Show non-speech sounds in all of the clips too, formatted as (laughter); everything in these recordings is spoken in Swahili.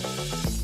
Thank you.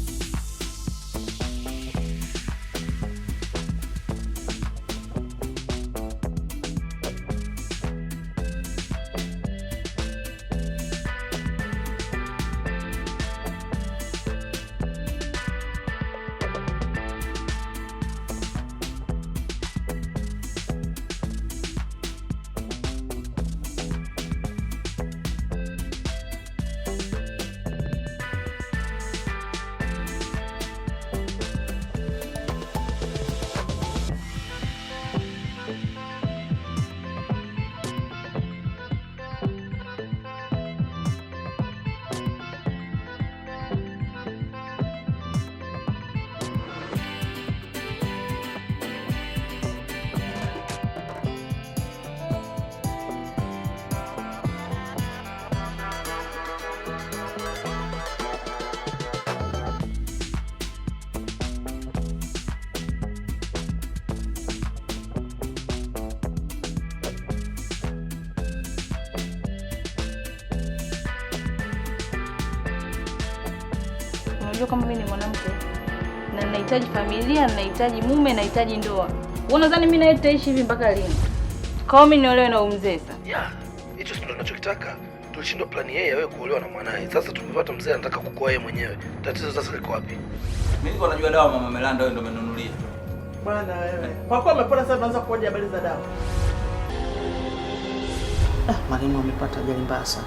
najua kama mimi ni mwanamke na ninahitaji familia, ninahitaji mume, nahitaji ndoa. Wewe unadhani mimi naye tutaishi hivi mpaka lini? Kwa mimi niolewe na umzee sasa? Yeah, hicho sio tunachokitaka. Tulishindwa plani yeye wewe kuolewa na mwanae. Sasa tumepata mzee anataka kukoa yeye mwenyewe. Tatizo sasa liko wapi? Mimi niko najua dawa mama Melanda wewe ndio umenunulia. Bwana wewe. Kwa kuwa amepona sasa tunaanza kuoja habari za dawa. Ah, marehemu amepata ajali mbaya sana.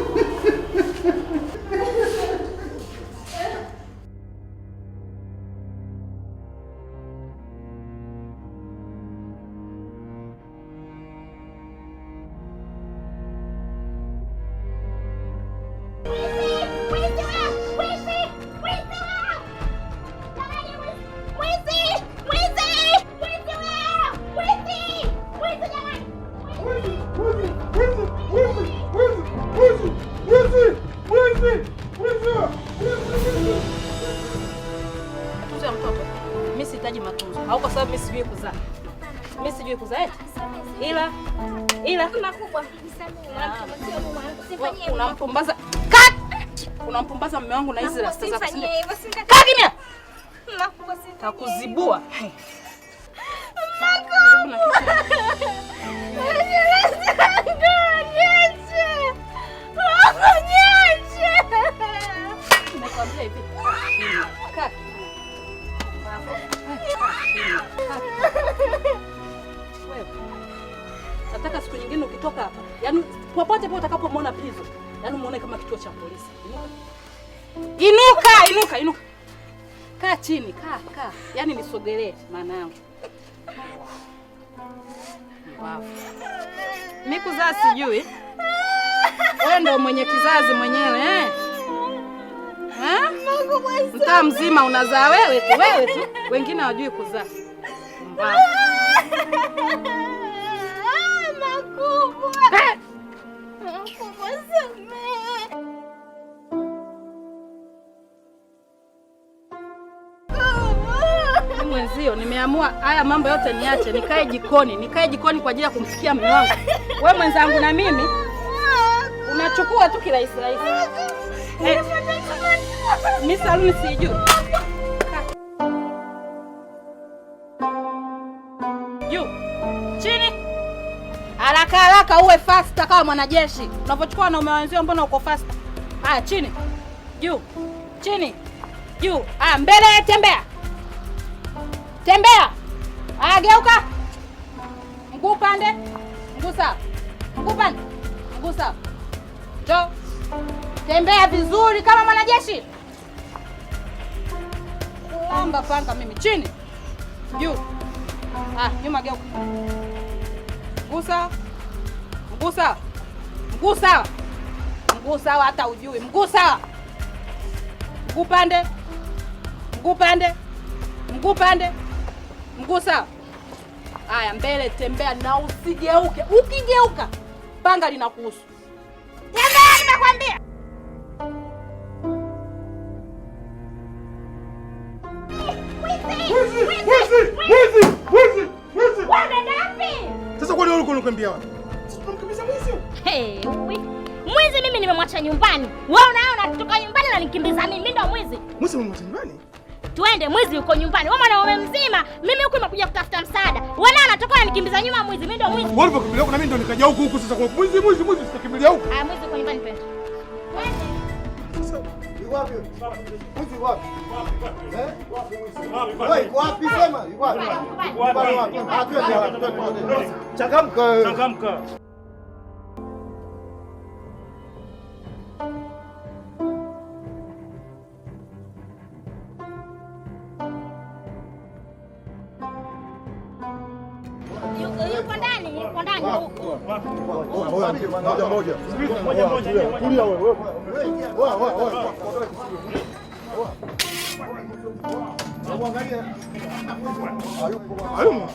kwanza mume wangu na hizi rasta zako. Eh, Kaa kimya. Takuzibua. Nataka siku nyingine ukitoka hapa, yaani popote pale utakapomwona Pizzo, yaani muone kama kituo cha polisi. Inuka, inuka, inuka. Kaa chini, kaa, kaa. Yaani nisogelee mwanangu. Wow. Mimi kuzaa sijui. Wewe ndo mwenye kizazi mwenyewe eh? Mtaa mzima unazaa wewe tu, wewe tu. Wengine hawajui kuzaa. Ah, makubwa. Eh! Makubwa sana. mwenzio, nimeamua haya mambo yote niache, nikae jikoni, nikae jikoni kwa ajili ya kumsikia mume wangu. Wewe mwenzangu, na mimi unachukua tu kirahisi rahisi. mimi eh, saluni sijui haraka haraka, uwe fast kama mwanajeshi unapochukua wanaume wenzio. Mbona uko fast? Haya, chini juu, chini juu, Ah, mbele, tembea Tembea. Aya, geuka. Mguu pande. Mguu sawa. Mguu pande. Mguu sawa. Njoo. Tembea vizuri kama mwanajeshi. Kulamba panga mimi chini. Juu. Ah, nyuma geuka. Mguu sawa. Mguu sawa. Mguu sawa. Mguu sawa hata ujui. Mguu sawa. Mguu pande. Mguu pande. Mguu pande mguu sawa. mbele tembea na usigeuke. Ukigeuka panga linakuhusu. Tembea, nimekwambia. Sasa kwani wewe unakwambia wapi? mwizi? mimi nimemwacha nyumbani. Wewe unaona kutoka nyumbani na nikimbiza mimi, mimi ndo mwizi. Mwizi umemwacha nyumbani? Tuende, mwizi yuko nyumbani. Wewe mwanaume mzima, mimi huku nimekuja kutafuta msaada. Wewe anatoka unatoka unanikimbiza nyuma mwizi. Mimi ndio mwizi. Wewe ulipokimbilia huko na mimi ndio nikaja huku huku sasa kwa mwizi mwizi mwizi usikimbilia huko. Ah, mwizi yuko nyumbani twende. Wapi? Mwizi wapi? Wapi mwizi? Wapi? Wapi sema? Wapi? Wapi? Changamka. Changamka. moja moja moja, kulia wewe wewe wewe wewe wewe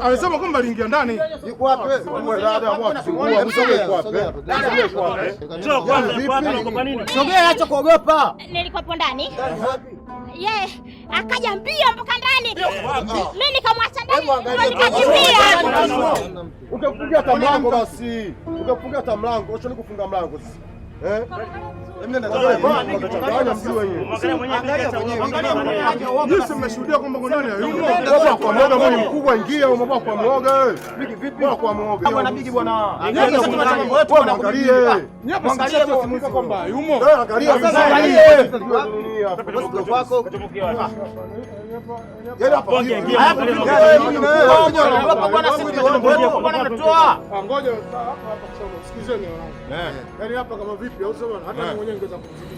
anasema kwamba aliingia ndani. Sogea, acha kuogopa. Nilikuwa hapo ndani yeye akaja mbio mpaka ndani, mimi ah, ah. nikamwacha ndani, nikakimbia. hata mlango basi, ukafungia hata mlango, acha nikufunga mlango sasa, eh Nyinyi mmeshuhudia kwamba Gondani hayupo. Baba kwa mwoga mwenye mkubwa ingia umebwa kwa mwoga wewe. Bigi vipi? Baba kwa mwoga. Bwana Bigi bwana. Angalie. Angalie msimuko kwamba yumo. Angalia. Angalia. Wako. Ngoja sikizeni, yaani hapa kama vipi, au sema hata mwenyewe ningeweza kumzidi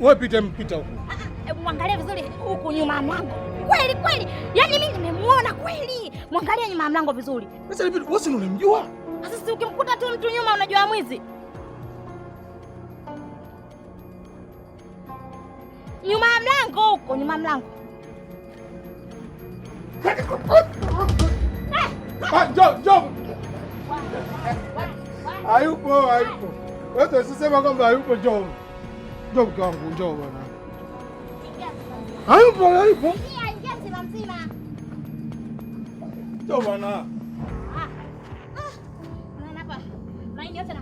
Wewe pita mpita huko. Ah, ah, mwangalie vizuri huku nyuma mlango. Kweli kweli. Yaani mimi nimemuona kweli. Mwangalie nyuma mlango vizuri. Sasa hivi wewe si unamjua? Ah, sasa si ukimkuta tu mtu nyuma unajua mwizi. Nyuma mlango huko, nyuma mlango. Eh, ah, jo, jo. Hayupo, hayupo. Wewe unasema kwamba hayupo jo. ကြောက်ကြောက်ကိုကြောက်ပါလားဟမ်ပေါ်ရည်ဘုံ Iya, jam si Mamsi mah. ကြောက်ပါလား Ah. Ah. Mana apa? Main dia sana.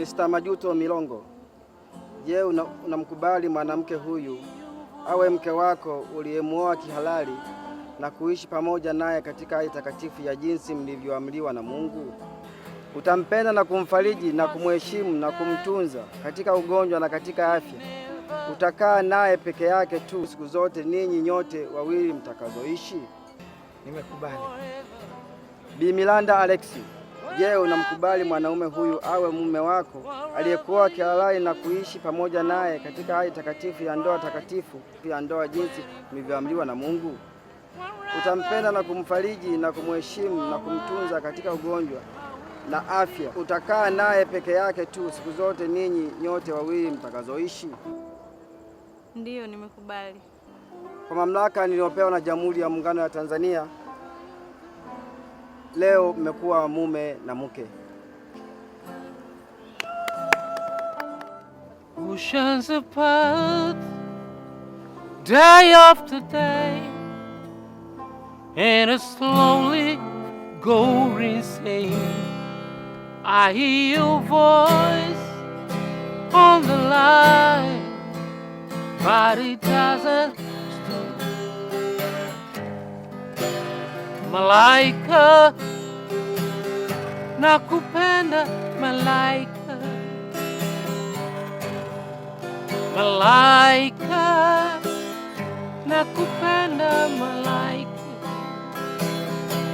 Mr. Majuto Milongo, je, unamkubali una mwanamke huyu awe mke wako uliyemwoa kihalali na kuishi pamoja naye katika hali takatifu ya jinsi mlivyoamriwa na Mungu? Utampenda na kumfariji na kumheshimu na kumtunza katika ugonjwa na katika afya. Utakaa naye peke yake tu siku zote ninyi nyote wawili mtakazoishi? Nimekubali. Bi Milanda Alexi Je, unamkubali mwanaume huyu awe mume wako aliyekuwa akihalali na kuishi pamoja naye katika hali takatifu ya ndoa takatifu ya ndoa jinsi ilivyoamriwa na Mungu? Utampenda na kumfariji na kumheshimu na kumtunza katika ugonjwa na afya. Utakaa naye peke yake tu siku zote ninyi nyote wawili mtakazoishi. Ndiyo, nimekubali. Kwa mamlaka niliyopewa na Jamhuri ya Muungano wa Tanzania leo mmekuwa mume na mke. Oceans apart, day after day and a slowly going insane. I hear your voice on the line, but it doesn't malaika, nakupenda malaika, malaika, nakupenda malaika,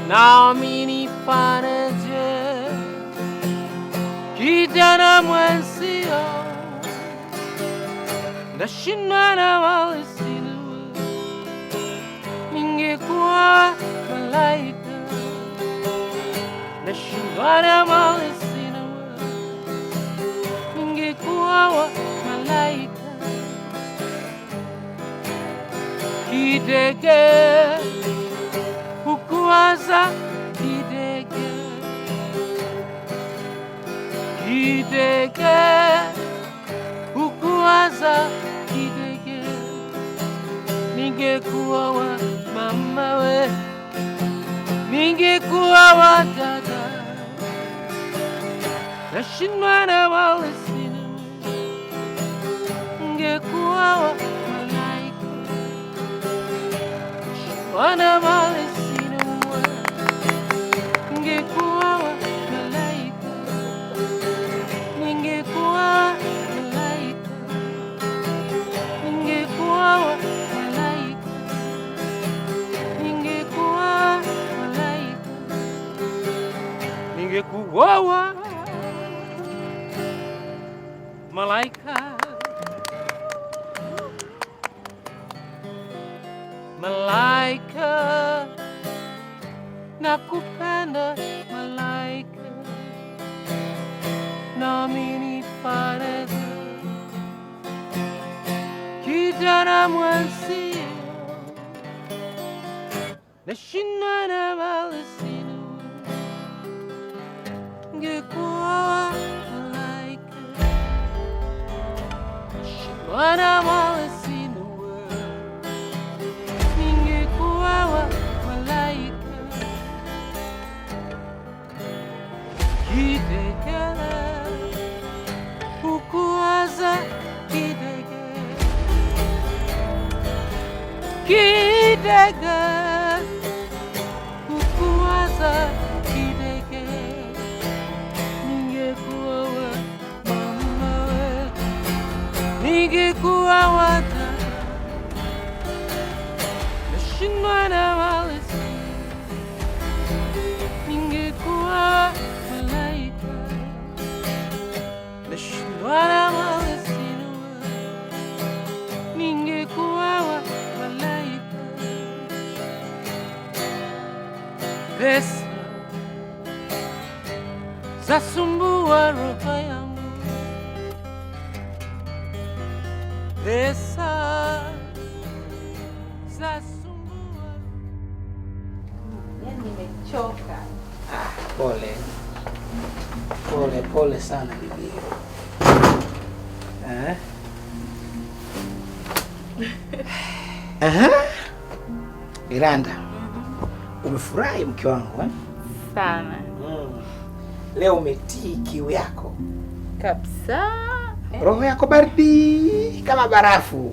naamini paneje kijana mwenzio ndashindana walisinu ningekuwa later. Nashindwana mali sina wewe, ningekuwa wa malaika. Kidege kidege, kidege kidege, wa mama wewe ningekuwa wadada nashindwana wala sina ngekuwa wa malaika shindwana wala vya kuwawa malaika malaika nakupenda malaika nami nifane kijana mwensia na When I'm all Ningekuwa wa malaika. Kitekele. Ukuwaza kitege. Kitege. Ukuwaza pesa zasumbua roho yangu, pesa zasumbua. Yani nimechoka. pole pole pole sana bibi eh? Aha. (laughs) Miranda umefurahi mke wangu eh? Sana. Mm. Leo umetii kiu yako kabisa eh? Roho yako baridi kama barafu.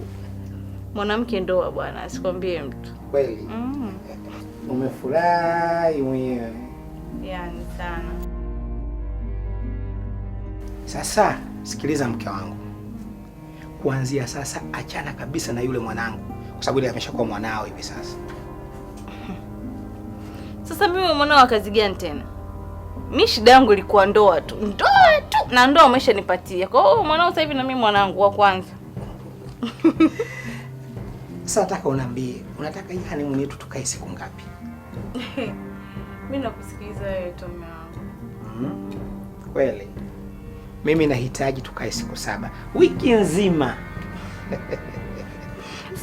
Mwanamke ndoa bwana, sikwambie mtu kweli. Mm. Umefurahi mwenyewe yani sana. Sasa sikiliza mke wangu, kuanzia sasa achana kabisa na yule mwanangu, kwa sababu ile ameshakuwa mwanao hivi sasa sasa mimi mwanao wa kazi gani tena? Mi shida yangu ilikuwa ndoa tu, ndoa tu na ndoa umeshanipatia. Kwa hiyo mwanao sasa hivi na mimi mwanangu wa kwanza. (laughs) Sasa nataka uniambie, unataka hii honeymoon yetu tukae siku ngapi? Mimi (laughs) nakusikiliza wewe tu mume wangu. Hmm? Kweli. Mimi nahitaji tukae siku saba, wiki nzima. (laughs)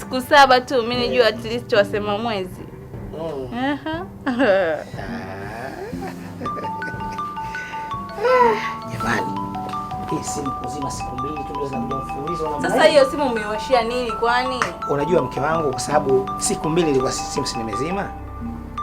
Siku saba tu, mimi nijua at least wasema mwezi Jamani, hii simu kuzima siku mbili tu. Sasa hiyo simu umewashia nini kwani? Unajua mke wangu, kwa sababu siku mbili ilikuwa simu sinimezima,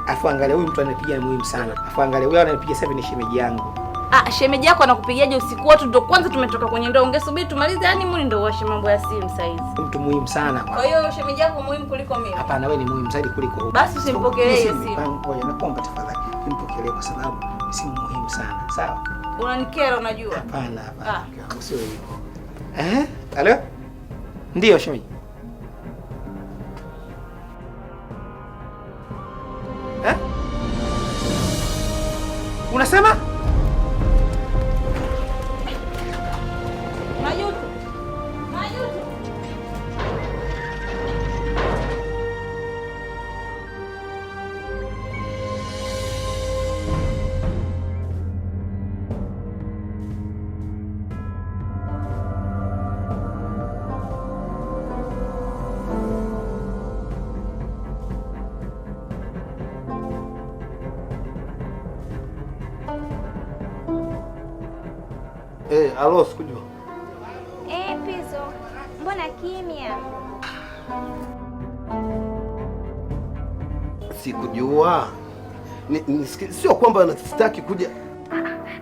afu angalia huyu mtu anapiga ni muhimu sana, afu angalia huyu anapiga sasa ni shemeji yangu Ah, shemeji yako anakupigiaje usiku wote? Ndio kwanza tumetoka kwenye ndoa, ungesubiri tumalize. yani mimi ndio washe mambo ya simu sasa hizi. Mtu muhimu sana kwa. Kwa hiyo shemeji yako muhimu kuliko mimi. Hapana, wewe ni muhimu zaidi kuliko wewe. Basi usimpokelee hiyo simu. Ngoja nakuomba tafadhali, Nimpokelee kwa sababu simu muhimu sana. Sawa? Unanikera unajua? Hapana, hapana. Ah. Sio hivyo. Eh? Halo? Ndio shemeji. Eh? Unasema? Alo, sikujua. Eh, Pizzo, mbona kimya? Sikujua. Sio kwamba sitaki kuja.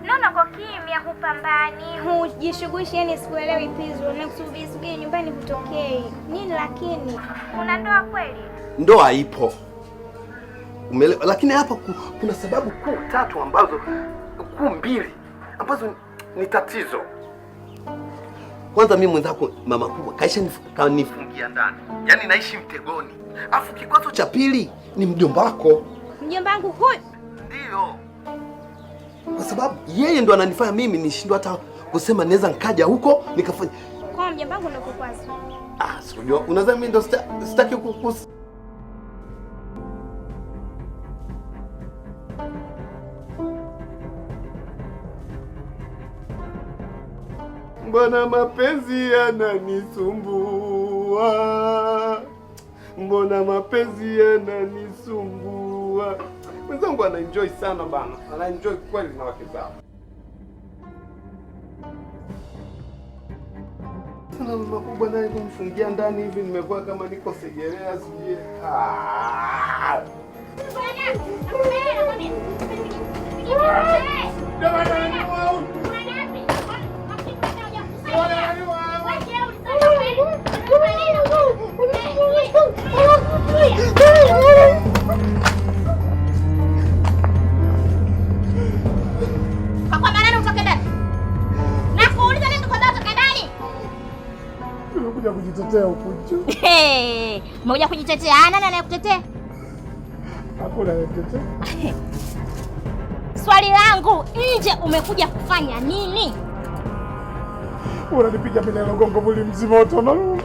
Naona kwa kimya hupambani, hujishughulishi, yani sikuelewi Pizzo. Nikusubiri subiri nyumbani kutokei. Nini lakini? Una ndoa kweli? Ndoa ipo. Umeelewa? Lakini hapa kuna sababu kuu tatu ambazo kuu mbili ambazo ni tatizo. Kwanza mimi mwenzako mama kubwa kaisha kanifungia ndani, yaani naishi mtegoni, afu kikwazo cha pili ni mjomba wako. Mjomba wangu huyu? Ndio, kwa sababu yeye ndo ananifanya mimi nishindwa hata kusema naweza nikaja huko nikafanya kwa mjomba wangu. Unakukwaza? Ah, sikujua. Unadhani mimi ndo sitaki kukusa mbona mapenzi yananisumbua, mbona mapenzi yananisumbua. Mwenzangu anaenjoy sana bana, anaenjoy kweli na wake zao. makubwa naye kumfungia ndani hivi, nimekuwa kama niko segerea, sijui ah! kujitetea huko umekuja kujitetea. Ah, nani anayekutetea? Hakuna anayekutetea. Swali langu nje umekuja kufanya nini? Unanipiga mimi na gongo mwili mzima wote unaona?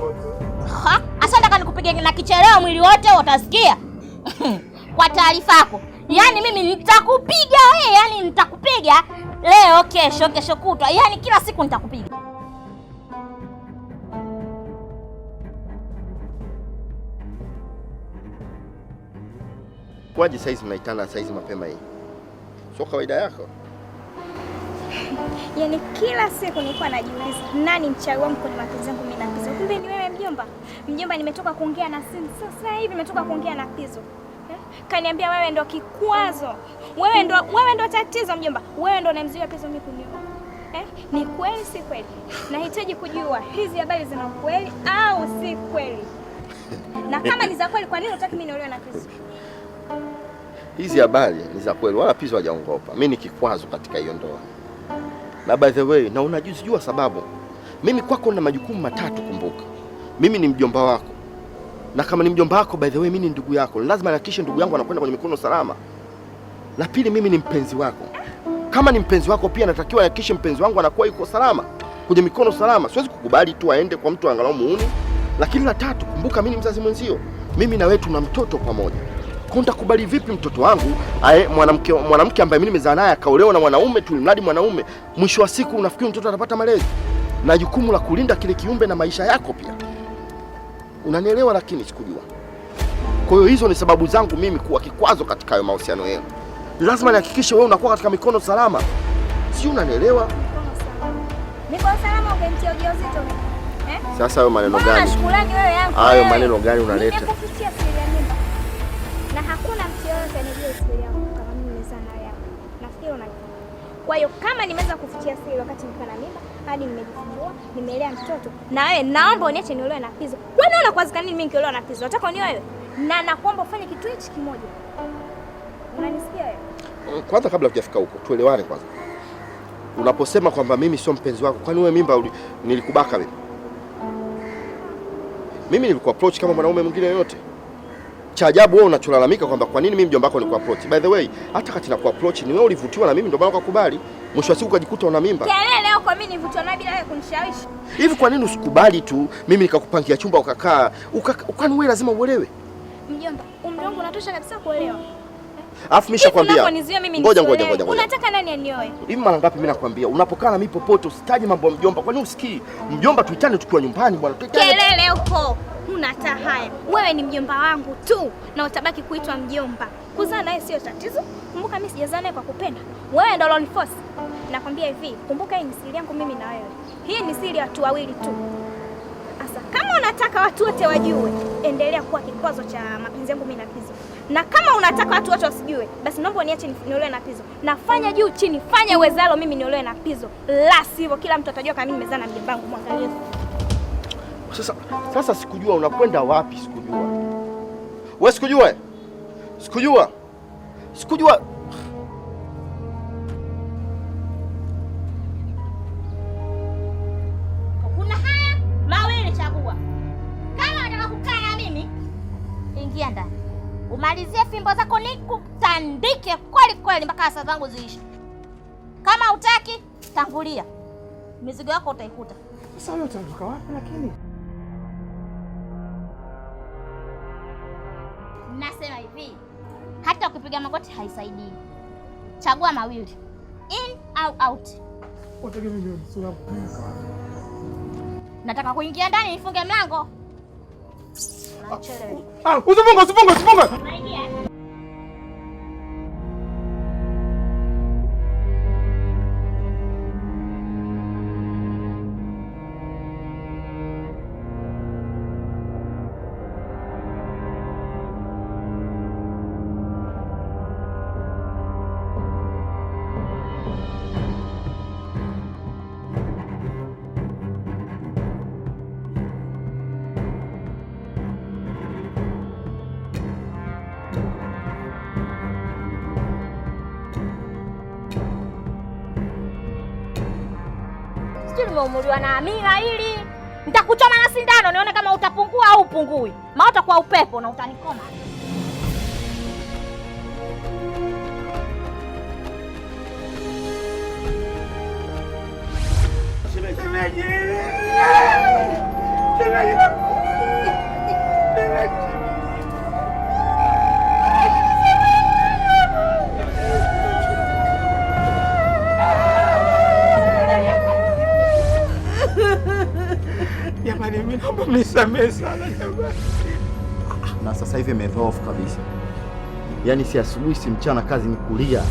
Ha, asante kani kupiga na kichelewa mwili wote utasikia. (laughs) Kwa taarifa yako. Yaani mimi nitakupiga wewe, yani nitakupiga leo, kesho, kesho kutwa. Yaani kila siku nitakupiga. Kwaje saizi mnaitana saizi mapema hii? Sio kawaida yako. Yaani kila siku nilikuwa najiuliza nani mchawi wangu kwenye mapenzi yangu mimi na Pizo. Kumbe ni wewe mjomba. Mjomba, nimetoka kuongea na simu sasa hivi, nimetoka kuongea na Pizo. Eh? Kaniambia wewe ndo kikwazo, wewe ndo, wewe ndo tatizo mjomba, wewe ndo unamzuia Pizo mimi kunioa eh? Ni kweli si kweli? Nahitaji kujua hizi habari zina kweli au si kweli, na kama ni za kweli, kwa nini unataka mimi niolewe na Pizo? Hizi habari ni za kweli, wala Pizo hajaongopa. Mimi ni kikwazo katika hiyo ndoa na by the way, na unajua sababu mimi kwako na majukumu matatu. Kumbuka mimi ni mjomba wako, na kama ni mjomba wako, by the way, mimi ni ndugu yako, lazima nihakikishe ndugu yangu anakwenda kwenye mikono salama. La pili, mimi ni mpenzi wako, kama ni mpenzi wako pia natakiwa nihakikishe mpenzi wangu anakuwa yuko salama kwenye mikono salama. Siwezi kukubali tu aende kwa mtu angalau muuni. Lakini la tatu, kumbuka mimi ni mzazi mwenzio, mimi na wewe tuna mtoto pamoja. Nitakubali vipi mtoto wangu aye mwanamke mwanamke ambaye mimi nimezaa naye akaolewa na mwanaume tu, mradi mwanaume. Mwisho wa siku unafikiri mtoto atapata malezi na jukumu la kulinda kile kiumbe na maisha yako pia, unanielewa? Lakini sikujua. Kwa hiyo hizo ni sababu zangu mimi kuwa kikwazo katika hayo mahusiano yenu. Lazima nihakikishe wewe unakuwa katika mikono salama, si unanielewa? Eh? Sasa hayo maneno gani? Hayo eh, maneno gani unaleta? na hakuna mtu yoyote anajua siri yangu kama mimi nimezaa na yako. Nafikiri unajua. Kwa hiyo kama nimeweza kufikia siri wakati nilikuwa na mimba hadi nimejifungua, nimelea mtoto na wewe, naomba uniache niolewe na Pizzo. Wewe unaona kwa nini mimi nikiolewa na Pizzo? Nataka unioe na nakuomba ufanye kitu hichi kimoja. Unanisikia wewe? Eh, kwanza kabla hujafika huko, tuelewane kwanza. Unaposema kwamba mimi sio mpenzi wako, kwani wewe mimba nilikubaka mimi? Mimi nilikuapproach kama mwanaume mwingine yoyote cha ajabu wewe unacholalamika kwamba kwa nini mimi mjomba wako approach. By the way, hata kati na approach ni wewe ulivutiwa na mimi ndio maana ukakubali. Mwisho wa siku ukajikuta una mimba. Kelele leo kwa mimi nivutiwa naye bila wewe kunishawishi. Hivi kwa nini usikubali tu mimi nikakupangia chumba ukakaa? Ukaka, kwani wewe lazima uelewe? Mjomba, umri wangu unatosha kabisa kuelewa. Alafu mimi nishakwambia. Ngoja ngoja ngoja. Unataka nani anioe? Mimi mara ngapi mimi nakwambia unapokaa na mimi popote usitaje mambo ya mjomba. Kwani usikii? Mjomba tuitane tukiwa nyumbani bwana. Kelele huko. Huna tahaya. Wewe ni mjomba wangu tu na utabaki kuitwa mjomba. Kuzaa naye sio tatizo. Kumbuka mimi sijazaa naye kwa kupenda. Wewe ndio uloniforce. Nakwambia hivi, kumbuka hii ni siri yangu mimi na wewe. Hii ni siri ya watu wawili tu. Asa kama unataka watu wote wajue, endelea kuwa kikwazo cha mapenzi yangu mimi na na kama unataka watu wote wasijue, basi naomba niache niolewe na Pizzo. Nafanya juu chini, fanya uwezalo mimi niolewe na Pizzo, la sivyo kila mtu atajua kama mimi nimezaa na mjomba wangu Sasa, sasa sikujua unakwenda wapi, sikujua we, sikujua sikujua sikujua mpaka saa zangu ziishe. Kama utaki tangulia, mizigo yako utaikuta. Sasa wewe utatoka wapi? Lakini nasema hivi, hata ukipiga magoti haisaidii. Chagua mawili, in au out. Nataka kuingia ndani nifunge mlango. Ah, usifunge, usifunge, usifunge. umeuliwa na amira hili, nitakuchoma na sindano nione kama utapungua au upungui, maota kwa upepo na utanikoma. Shemeji! Shemeji! nisamehe sana Na sasa hivi imeva kabisa, yaani si asubuhi si mchana, kazi ni kulia.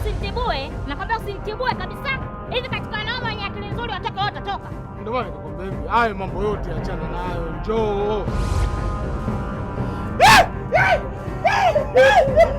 Usinitibue, nakwambia usinitibue kabisa. Hivi katika wanaume wenye akili nzuri watoka wote toka. Ndio maana nikakwambia hivi, hayo mambo yote achana nayo, njoo eh! Eh! Eh!